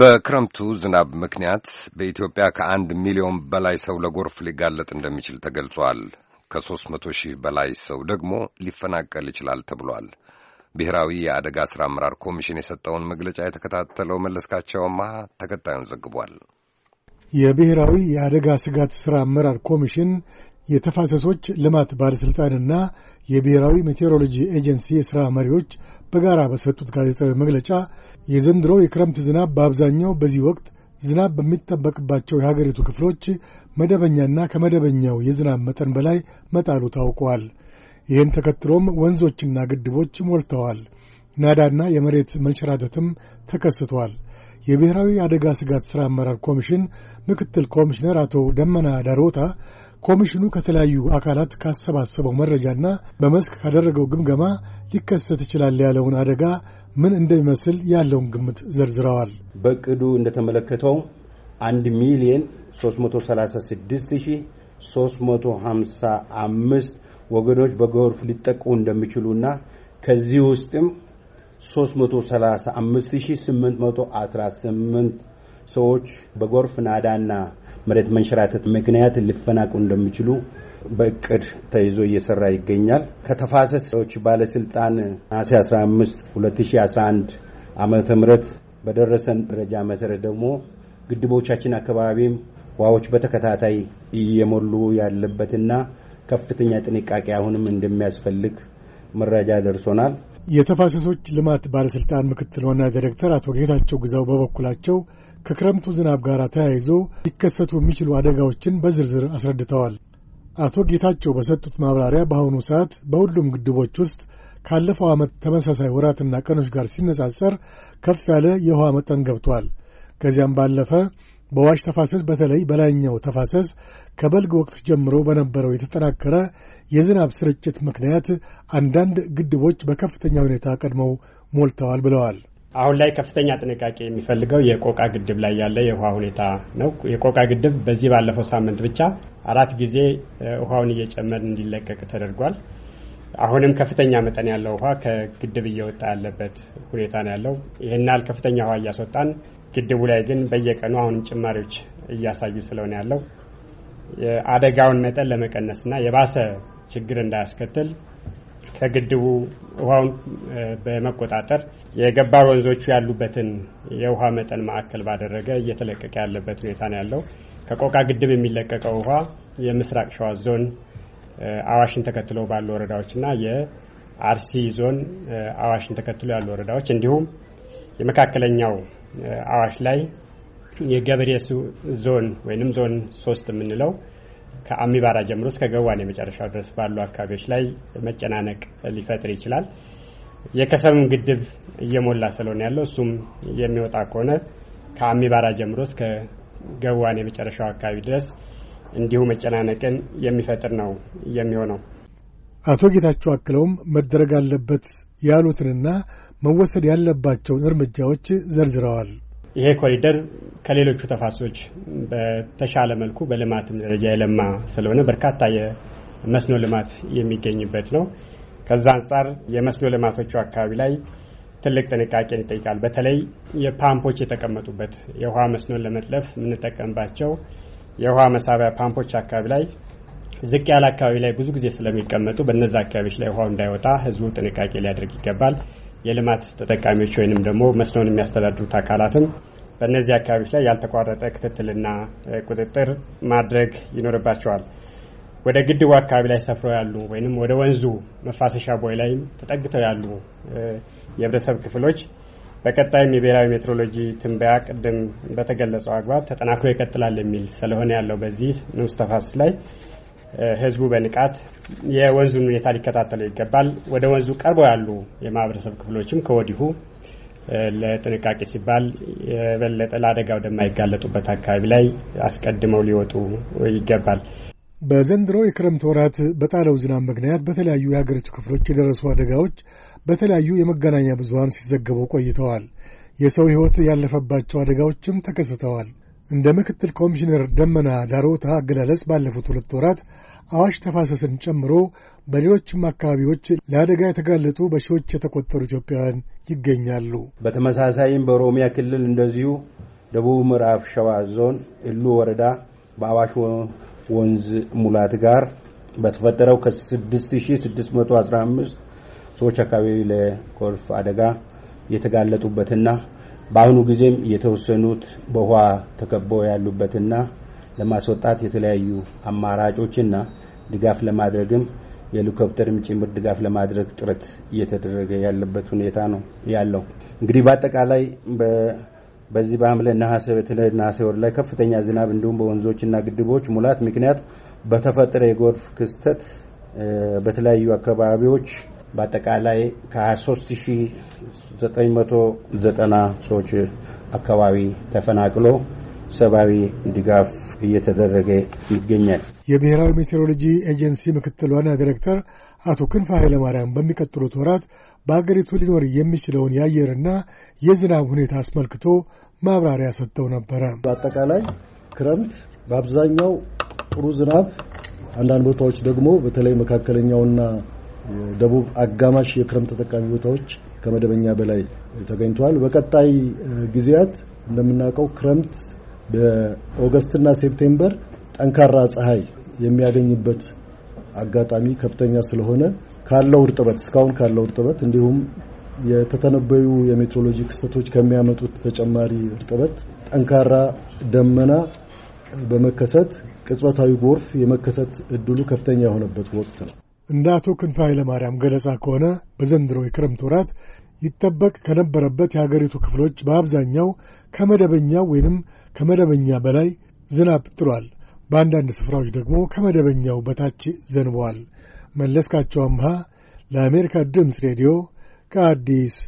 በክረምቱ ዝናብ ምክንያት በኢትዮጵያ ከአንድ ሚሊዮን በላይ ሰው ለጎርፍ ሊጋለጥ እንደሚችል ተገልጿል። ከሦስት መቶ ሺህ በላይ ሰው ደግሞ ሊፈናቀል ይችላል ተብሏል። ብሔራዊ የአደጋ ሥራ አመራር ኮሚሽን የሰጠውን መግለጫ የተከታተለው መለስካቸው አማሃ ተከታዩን ዘግቧል። የብሔራዊ የአደጋ ስጋት ሥራ አመራር ኮሚሽን የተፋሰሶች ልማት ባለሥልጣንና የብሔራዊ ሜቴሮሎጂ ኤጀንሲ የሥራ መሪዎች በጋራ በሰጡት ጋዜጣዊ መግለጫ የዘንድሮ የክረምት ዝናብ በአብዛኛው በዚህ ወቅት ዝናብ በሚጠበቅባቸው የሀገሪቱ ክፍሎች መደበኛና ከመደበኛው የዝናብ መጠን በላይ መጣሉ ታውቋል። ይህን ተከትሎም ወንዞችና ግድቦች ሞልተዋል። ናዳና የመሬት መንሸራተትም ተከስቷል። የብሔራዊ አደጋ ስጋት ሥራ አመራር ኮሚሽን ምክትል ኮሚሽነር አቶ ደመና ዳሮታ ኮሚሽኑ ከተለያዩ አካላት ካሰባሰበው መረጃና በመስክ ካደረገው ግምገማ ሊከሰት ይችላል ያለውን አደጋ ምን እንደሚመስል ያለውን ግምት ዘርዝረዋል። በቅዱ እንደተመለከተው አንድ ሚሊየን 336355 ወገኖች በጎርፍ ሊጠቁ እንደሚችሉና ከዚህ ውስጥም 335818 ሰዎች በጎርፍ ናዳና መሬት መንሸራተት ምክንያት ሊፈናቁ እንደሚችሉ በእቅድ ተይዞ እየሰራ ይገኛል። ከተፋሰሶች ባለስልጣን ነሐሴ 15 2011 ዓመተ ምህረት በደረሰን ደረጃ መሰረት ደግሞ ግድቦቻችን አካባቢም ውሃዎች በተከታታይ እየሞሉ ያለበትና ከፍተኛ ጥንቃቄ አሁንም እንደሚያስፈልግ መረጃ ደርሶናል። የተፋሰሶች ልማት ባለስልጣን ምክትል ዋና ዳይሬክተር አቶ ጌታቸው ግዛው በበኩላቸው ከክረምቱ ዝናብ ጋር ተያይዞ ሊከሰቱ የሚችሉ አደጋዎችን በዝርዝር አስረድተዋል። አቶ ጌታቸው በሰጡት ማብራሪያ በአሁኑ ሰዓት በሁሉም ግድቦች ውስጥ ካለፈው ዓመት ተመሳሳይ ወራትና ቀኖች ጋር ሲነጻጸር ከፍ ያለ የውሃ መጠን ገብቷል። ከዚያም ባለፈ በዋሽ ተፋሰስ በተለይ በላይኛው ተፋሰስ ከበልግ ወቅት ጀምሮ በነበረው የተጠናከረ የዝናብ ስርጭት ምክንያት አንዳንድ ግድቦች በከፍተኛ ሁኔታ ቀድመው ሞልተዋል ብለዋል። አሁን ላይ ከፍተኛ ጥንቃቄ የሚፈልገው የቆቃ ግድብ ላይ ያለ የውሃ ሁኔታ ነው። የቆቃ ግድብ በዚህ ባለፈው ሳምንት ብቻ አራት ጊዜ ውሃውን እየጨመር እንዲለቀቅ ተደርጓል። አሁንም ከፍተኛ መጠን ያለው ውሃ ከግድብ እየወጣ ያለበት ሁኔታ ነው ያለው። ይህን ያህል ከፍተኛ ውሃ እያስወጣን ግድቡ ላይ ግን በየቀኑ አሁንም ጭማሪዎች እያሳዩ ስለሆነ ያለው የአደጋውን መጠን ለመቀነስና የባሰ ችግር እንዳያስከትል ከግድቡ ውሃውን በመቆጣጠር የገባር ወንዞቹ ያሉበትን የውሃ መጠን ማዕከል ባደረገ እየተለቀቀ ያለበት ሁኔታ ነው ያለው። ከቆቃ ግድብ የሚለቀቀው ውሃ የምስራቅ ሸዋ ዞን አዋሽን ተከትሎ ባሉ ወረዳዎችና የአርሲ ዞን አዋሽን ተከትሎ ያሉ ወረዳዎች እንዲሁም የመካከለኛው አዋሽ ላይ የገበሬ ዞን ወይም ዞን ሶስት የምንለው ከአሚባራ ጀምሮ እስከ ገዋን የመጨረሻው ድረስ ባሉ አካባቢዎች ላይ መጨናነቅ ሊፈጥር ይችላል። የከሰምም ግድብ እየሞላ ስለሆነ ያለው እሱም የሚወጣ ከሆነ ከአሚባራ ጀምሮ እስከ ገዋን የመጨረሻው አካባቢ ድረስ እንዲሁ መጨናነቅን የሚፈጥር ነው የሚሆነው። አቶ ጌታቸው አክለውም መደረግ አለበት ያሉትንና መወሰድ ያለባቸውን እርምጃዎች ዘርዝረዋል። ይሄ ኮሪደር ከሌሎቹ ተፋሶች በተሻለ መልኩ በልማትም ደረጃ የለማ ስለሆነ በርካታ የመስኖ ልማት የሚገኝበት ነው። ከዛ አንጻር የመስኖ ልማቶቹ አካባቢ ላይ ትልቅ ጥንቃቄን ይጠይቃል። በተለይ የፓምፖች የተቀመጡበት የውሃ መስኖን ለመጥለፍ የምንጠቀምባቸው የውሃ መሳቢያ ፓምፖች አካባቢ ላይ ዝቅ ያለ አካባቢ ላይ ብዙ ጊዜ ስለሚቀመጡ በነዛ አካባቢዎች ላይ ውሃው እንዳይወጣ ህዝቡ ጥንቃቄ ሊያደርግ ይገባል። የልማት ተጠቃሚዎች ወይንም ደግሞ መስኖን የሚያስተዳድሩት አካላትም በእነዚህ አካባቢዎች ላይ ያልተቋረጠ ክትትልና ቁጥጥር ማድረግ ይኖርባቸዋል። ወደ ግድቡ አካባቢ ላይ ሰፍረው ያሉ ወይም ወደ ወንዙ መፋሰሻ ቦይ ላይ ተጠግተው ያሉ የህብረተሰብ ክፍሎች በቀጣይም የብሔራዊ ሜትሮሎጂ ትንበያ ቅድም በተገለጸው አግባብ ተጠናክሮ ይቀጥላል የሚል ስለሆነ ያለው በዚህ ንዑስ ተፋሰስ ላይ ህዝቡ በንቃት የወንዙን ሁኔታ ሊከታተለው ይገባል። ወደ ወንዙ ቀርበው ያሉ የማህበረሰብ ክፍሎችም ከወዲሁ ለጥንቃቄ ሲባል የበለጠ ለአደጋ ወደማይጋለጡበት አካባቢ ላይ አስቀድመው ሊወጡ ይገባል። በዘንድሮ የክረምት ወራት በጣለው ዝናብ ምክንያት በተለያዩ የሀገሪቱ ክፍሎች የደረሱ አደጋዎች በተለያዩ የመገናኛ ብዙሀን ሲዘገቡ ቆይተዋል። የሰው ህይወት ያለፈባቸው አደጋዎችም ተከስተዋል። እንደ ምክትል ኮሚሽነር ደመና ዳሮታ አገላለጽ ባለፉት ሁለት ወራት አዋሽ ተፋሰስን ጨምሮ በሌሎችም አካባቢዎች ለአደጋ የተጋለጡ በሺዎች የተቆጠሩ ኢትዮጵያውያን ይገኛሉ። በተመሳሳይም በኦሮሚያ ክልል እንደዚሁ ደቡብ ምዕራብ ሸዋ ዞን እሉ ወረዳ በአዋሽ ወንዝ ሙላት ጋር በተፈጠረው ከ6615 ሰዎች አካባቢ ለጎርፍ አደጋ የተጋለጡበትና በአሁኑ ጊዜም የተወሰኑት በውሃ ተከበው ያሉበትና ለማስወጣት የተለያዩ አማራጮችና ድጋፍ ለማድረግም የሄሊኮፕተርም ጭምር ድጋፍ ለማድረግ ጥረት እየተደረገ ያለበት ሁኔታ ነው ያለው። እንግዲህ በአጠቃላይ በዚህ በሐምሌ ነሐሴ በተለይ ነሐሴ ወር ላይ ከፍተኛ ዝናብ እንዲሁም በወንዞችና ግድቦች ሙላት ምክንያት በተፈጠረ የጎርፍ ክስተት በተለያዩ አካባቢዎች በአጠቃላይ ከ23990 ሰዎች አካባቢ ተፈናቅሎ ሰብአዊ ድጋፍ እየተደረገ ይገኛል። የብሔራዊ ሜቴሮሎጂ ኤጀንሲ ምክትል ዋና ዲሬክተር አቶ ክንፈ ኃይለማርያም በሚቀጥሉት ወራት በአገሪቱ ሊኖር የሚችለውን የአየርና የዝናብ ሁኔታ አስመልክቶ ማብራሪያ ሰጥተው ነበረ። በአጠቃላይ ክረምት በአብዛኛው ጥሩ ዝናብ፣ አንዳንድ ቦታዎች ደግሞ በተለይ መካከለኛውና የደቡብ አጋማሽ የክረምት ተጠቃሚ ቦታዎች ከመደበኛ በላይ ተገኝተዋል። በቀጣይ ጊዜያት እንደምናውቀው ክረምት በኦገስትና ሴፕቴምበር ጠንካራ ፀሐይ የሚያገኝበት አጋጣሚ ከፍተኛ ስለሆነ ካለው እርጥበት እስካሁን ካለው እርጥበት እንዲሁም የተተነበዩ የሜትሮሎጂ ክስተቶች ከሚያመጡት ተጨማሪ እርጥበት ጠንካራ ደመና በመከሰት ቅጽበታዊ ጎርፍ የመከሰት እድሉ ከፍተኛ የሆነበት ወቅት ነው። እንደ አቶ ክንፈ ኃይለማርያም ገለጻ ከሆነ በዘንድሮ የክረምት ወራት ይጠበቅ ከነበረበት የሀገሪቱ ክፍሎች በአብዛኛው ከመደበኛ ወይንም ከመደበኛ በላይ ዝናብ ጥሏል። በአንዳንድ ስፍራዎች ደግሞ ከመደበኛው በታች ዘንበዋል። መለስካቸው አምሃ ለአሜሪካ ድምፅ ሬዲዮ ከአዲስ